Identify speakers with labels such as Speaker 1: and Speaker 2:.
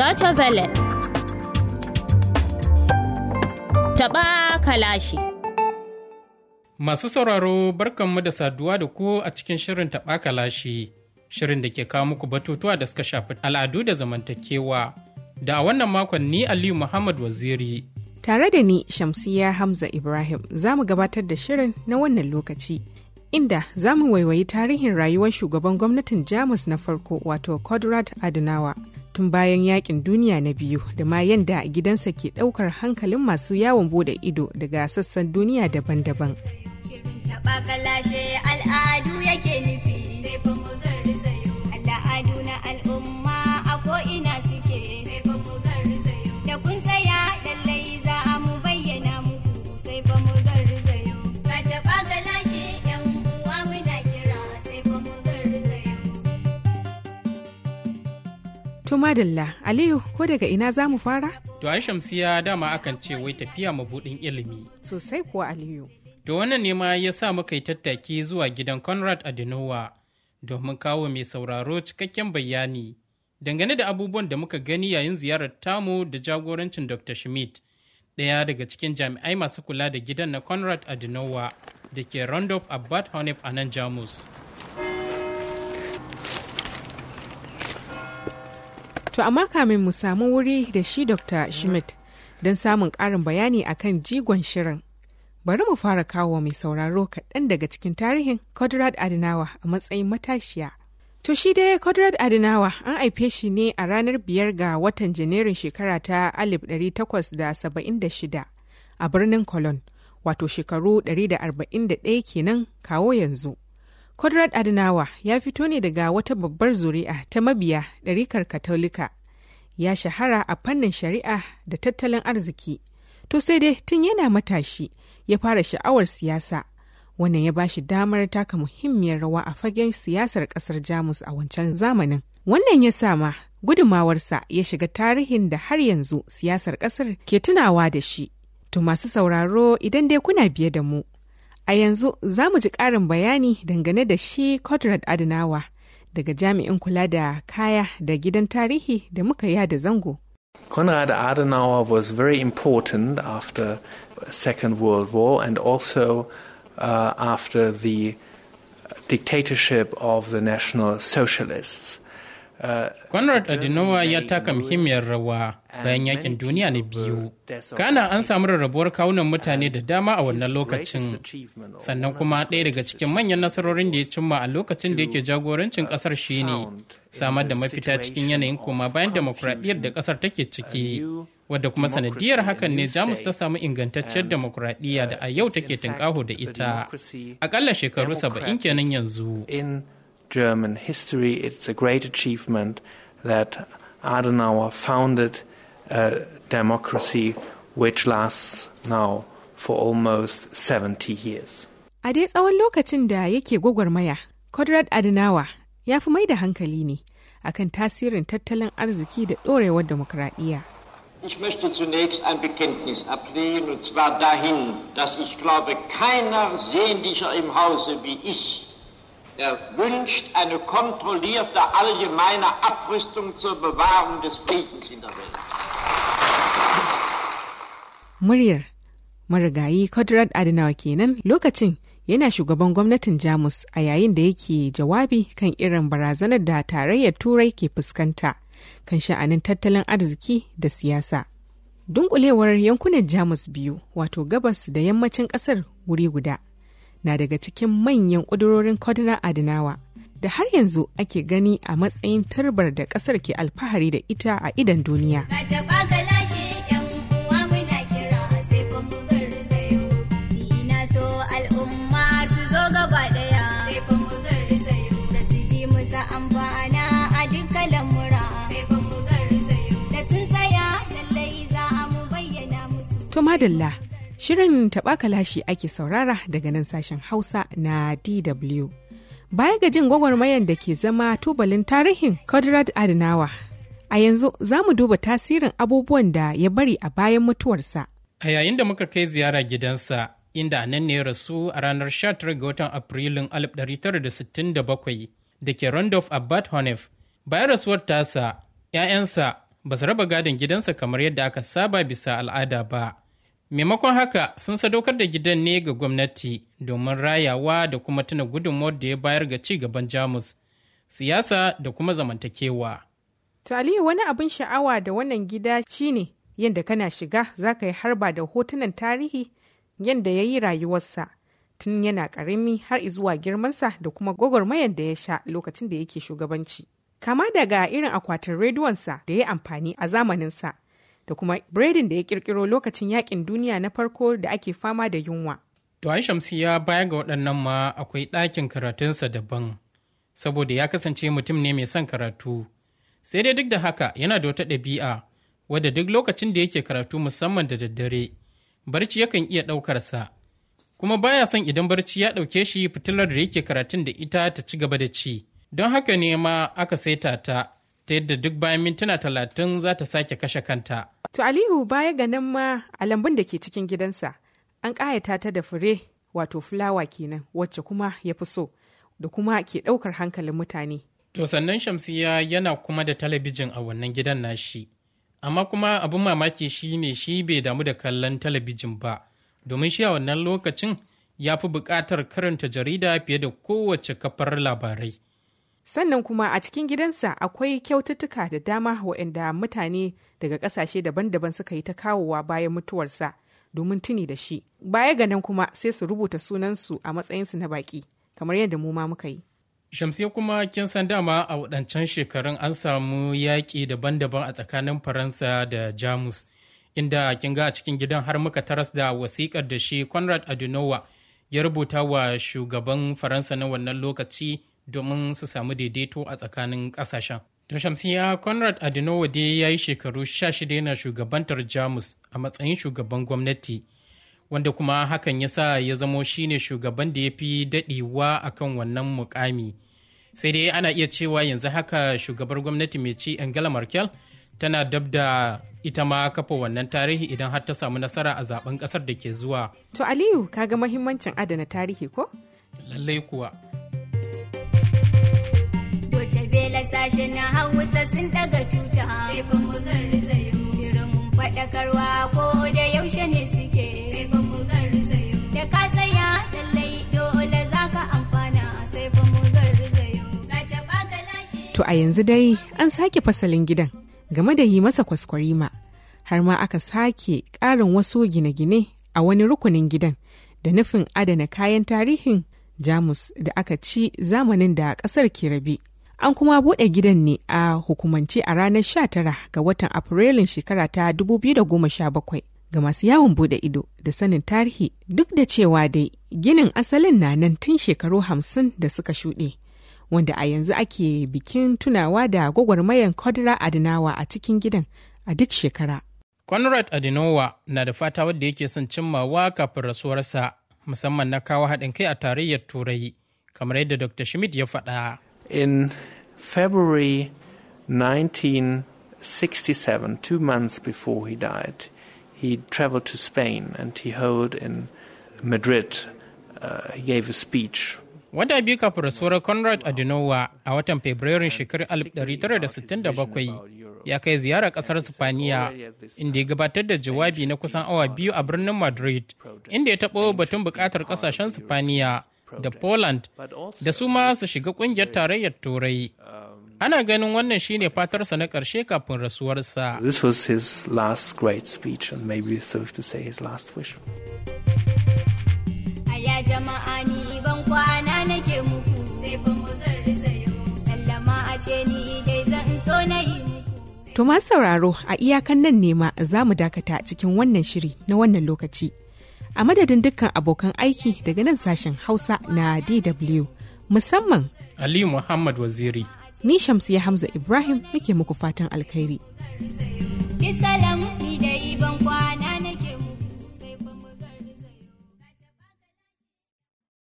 Speaker 1: Deutsche Welle. Taɓa kalashi.
Speaker 2: Masu sauraro barkanmu da saduwa da ku a cikin shirin taɓa kalashi, shirin da ke kawo muku batutuwa da suka shafi al'adu da zamantakewa. Da a wannan makon ni Aliyu Muhammad Waziri.
Speaker 1: Tare da ni Shamsiyya Hamza Ibrahim za mu gabatar da shirin na wannan lokaci. inda za mu waiwayi tarihin rayuwar shugaban gwamnatin jamus na farko wato conrad adenauer tun bayan yakin duniya na biyu da ma yadda gidansa ke ɗaukar hankalin masu yawon bude ido daga sassan duniya daban-daban. To madalla Aliyu ko daga ina za mu fara?
Speaker 2: To ai shamsiya dama akan ce wai tafiya mabuɗin ilimi.
Speaker 1: Sosai kuwa Aliyu.
Speaker 2: To wannan ne ma ya sa muka yi tattaki zuwa gidan Conrad Adenowa domin kawo mai sauraro cikakken bayani dangane da abubuwan da muka gani yayin ziyarar tamu da jagorancin Dr. Schmidt, ɗaya daga cikin jami'ai masu kula da gidan na Conrad Adenowa da ke Roundup abad Honef a nan Jamus.
Speaker 1: To amma kamin mu samu wuri da shi Dr. Schmidt don samun ƙarin bayani akan jigon shirin. Bari mu fara kawo mai sauraro kaɗan daga cikin tarihin Conrad adinawa a matsayin matashiya. To shi dai Conrad Adenawa an haife shi ne a ranar biyar ga watan Janairun shekara ta 1876 a birnin Cologne, wato shekaru 141 kenan kawo yanzu. Kwadrat adinawa ya fito ne daga wata babbar zuri'a ta mabiya ɗarikar Katolika. Ya shahara a fannin shari'a da tattalin arziki. To sai dai tun yana matashi ya fara sha'awar siyasa. Wannan ya bashi damar taka muhimmiyar rawa a fagen siyasar ƙasar Jamus a wancan zamanin. Wannan ya sa ma gudumawarsa ya shiga tarihin da har yanzu siyasar ƙasar ke tunawa da shi. To masu sauraro idan dai kuna biye da mu, A yanzu za mu ji ƙarin bayani dangane da shi Conrad Adenawa daga jami'in kula da kaya da gidan tarihi da muka yada zango.
Speaker 2: conrad Adenauer was very important after Second World War and also uh, after the dictatorship of the National Socialists. Conrad Adenawa ya taka muhimmiyar rawa bayan yakin duniya na biyu. Kana an samu rarrabuwar kawunan mutane da dama a wannan lokacin. Sannan kuma ɗaya daga cikin manyan nasarorin da ya cimma a lokacin da yake jagorancin ƙasar shine samar da mafita cikin yanayin koma bayan demokuraɗiyar da ƙasar take ciki. Wadda kuma sanadiyar hakan ne Jamus ta samu ingantacciyar demokuraɗiyya da a yau take tunƙaho da ita. Aƙalla shekaru saba'in kenan yanzu. German history. It's a great achievement that Adenauer founded a democracy which lasts now for almost 70 years.
Speaker 1: A dai tsawon lokacin da yake gwagwarmaya, Conrad Adenauer ya fi mai da hankali ne akan tasirin tattalin arziki da ɗorewar demokradiyya. Ich
Speaker 2: möchte zunächst ein Bekenntnis ablegen, und zwar dahin, dass ich glaube, keiner sehnlicher im Hause wie ich Er wünscht eine kontrollierte allgemeine Abrüstung zur Bewahrung des Friedens in der Welt.
Speaker 1: Muryar marigayi Kodrat Adenauer kenan lokacin yana shugaban gwamnatin Jamus a yayin da yake jawabi kan irin barazanar da tarayyar Turai ke fuskanta kan sha'anin tattalin arziki da siyasa. Dunkulewar yankunan Jamus biyu wato gabas da yammacin kasar wuri guda. na daga cikin manyan ƙudurorin kaduna Adinawa da har yanzu ake gani a matsayin tarbar da ƙasar ke alfahari da ita a idan duniya. To madalla Shirin taɓa kalashi ake saurara daga nan sashen Hausa na DW. Baya ga jin gwagwarmayan da ke zama tubalin tarihin Conrad Adenawa, a yanzu za mu duba tasirin abubuwan da ya bari a bayan mutuwarsa.
Speaker 2: A yayin da muka kai ziyara gidansa, inda a nan ne rasu a ranar 19 ga watan Afrilun 1967 da ke Randolph Abbott Honef. Bayan rasuwar tasa, ‘ya'yansa ba su raba gadon gidansa kamar yadda aka saba bisa al'ada ba, Maimakon haka sun sadaukar da gidan ne ga gwamnati domin rayawa da kuma tuna gudunmuwar da ya bayar ga ci gaban Jamus, siyasa da kuma zamantakewa.
Speaker 1: To Aliyu wani abin sha'awa da wannan gida shine yadda kana shiga za ka yi harba da hotunan tarihi yadda ya yi rayuwarsa tun yana ƙarami har zuwa girmansa da kuma gwagwarmayar da ya sha lokacin da yake shugabanci. Kama daga irin akwatin rediyonsa da ya amfani a zamaninsa da kuma biredin da ya kirkiro lokacin yakin duniya na farko da ake fama da yunwa. To an
Speaker 2: ya baya ga waɗannan ma akwai ɗakin karatunsa daban, saboda ya kasance mutum ne mai son karatu. Sai dai duk da haka yana da wata ɗabi'a wadda duk lokacin da yake karatu musamman da daddare, barci yakan iya ɗaukarsa. Kuma baya son idan barci ya ɗauke shi fitilar da yake karatun da ita ta ci gaba da ci. Don haka ne ma aka saita ta ta yadda duk bayan mintuna talatin za ta sake kashe kanta.
Speaker 1: To Aliyu baya ga nan ma a lambun da ke cikin gidansa an ƙayata ta da fure wato fulawa kenan wacce kuma ya fi so da kuma ke ɗaukar hankalin mutane. To
Speaker 2: sannan Shamsiya yana kuma da talabijin a wannan gidan nashi. Amma kuma abin mamaki shi ne shi bai damu da kallon talabijin ba, domin shi a wannan lokacin ya fi buƙatar karanta jarida fiye da kowace kafar labarai.
Speaker 1: sannan kuma a cikin gidansa akwai kyaututtuka da dama waɗanda mutane daga ƙasashe daban-daban suka yi ta kawowa bayan mutuwarsa domin tuni da shi baya ga nan kuma sai su rubuta sunansu a matsayinsu na baƙi kamar yadda mu ma muka yi
Speaker 2: shamsiya kuma kin san dama a waɗancan shekarun an samu yaƙi daban-daban a tsakanin faransa da jamus inda kin ga a cikin gidan har muka taras da wasiƙar da shi conrad adenawa ya rubuta wa shugaban faransa na wannan lokaci domin su samu daidaito a tsakanin ƙasashen. To Shamsiya Conrad dai ya yi shekaru shida yana shugabantar Jamus a matsayin shugaban gwamnati, wanda kuma hakan ya sa ya zamo shine shugaban da ya fi daɗewa a kan wannan mukami. Sai dai ana iya cewa yanzu haka shugabar gwamnati mai ci Angela Merkel tana dab da ita ma kafa wannan tarihi idan har ta samu nasara a zaben ƙasar da ke zuwa.
Speaker 1: To Aliyu, ka ga mahimmancin adana tarihi ko? Lallai
Speaker 2: kuwa.
Speaker 3: sashen na hausa sun daga tuta shirin faɗakarwa ko da yaushe ne suke da ka saya lallai dole za ka amfana sai fa mu
Speaker 1: To a yanzu dai an sake fasalin gidan game da yi masa kwaskwarima har ma aka sake ƙarin wasu gine-gine a wani rukunin gidan da nufin adana kayan tarihin jamus da aka ci zamanin da ƙasar ke rabi. An kuma buɗe gidan ne a hukumance a ranar 19 ga watan Afrilun shekara ta 2017 ga masu yawon buɗe ido da sanin tarihi duk da cewa dai ginin asalin na nan tun shekaru hamsin da suka shuɗe. Wanda a yanzu ake bikin tunawa da gwagwarmayan kwadira Adinawa a cikin gidan a duk shekara.
Speaker 2: Conrad Adinowa na da fata wadda yake son cimmawa kafin rasuwarsa musamman na kawo haɗin kai a tarayyar Turai, kamar yadda Dr. Schmidt ya faɗa. in February 1967, two months before he died, he traveled to Spain and he held in Madrid. Uh, he gave a speech Wanda biyu kafin rasuwar Conrad Adenowa a watan Fabrairun shekarar 1967 ya kai ziyara kasar Sifaniya inda ya gabatar da jawabi na kusan awa biyu a birnin Madrid inda ya taɓo batun buƙatar ƙasashen Sifaniya da Poland da su ma su shiga kungiyar tarayyar Turai. Um, Ana ganin wannan shine fatarsa na ƙarshe kafin rasuwarsa. This was his last great speech to say
Speaker 1: jama'a sauraro a iyakan nan nema za mu dakata cikin wannan shiri na wannan lokaci. a madadin dukkan abokan aiki daga nan sashen hausa na dw musamman
Speaker 2: aliyu muhammad waziri
Speaker 1: ni ya hamza ibrahim muke muku fatan alkhairi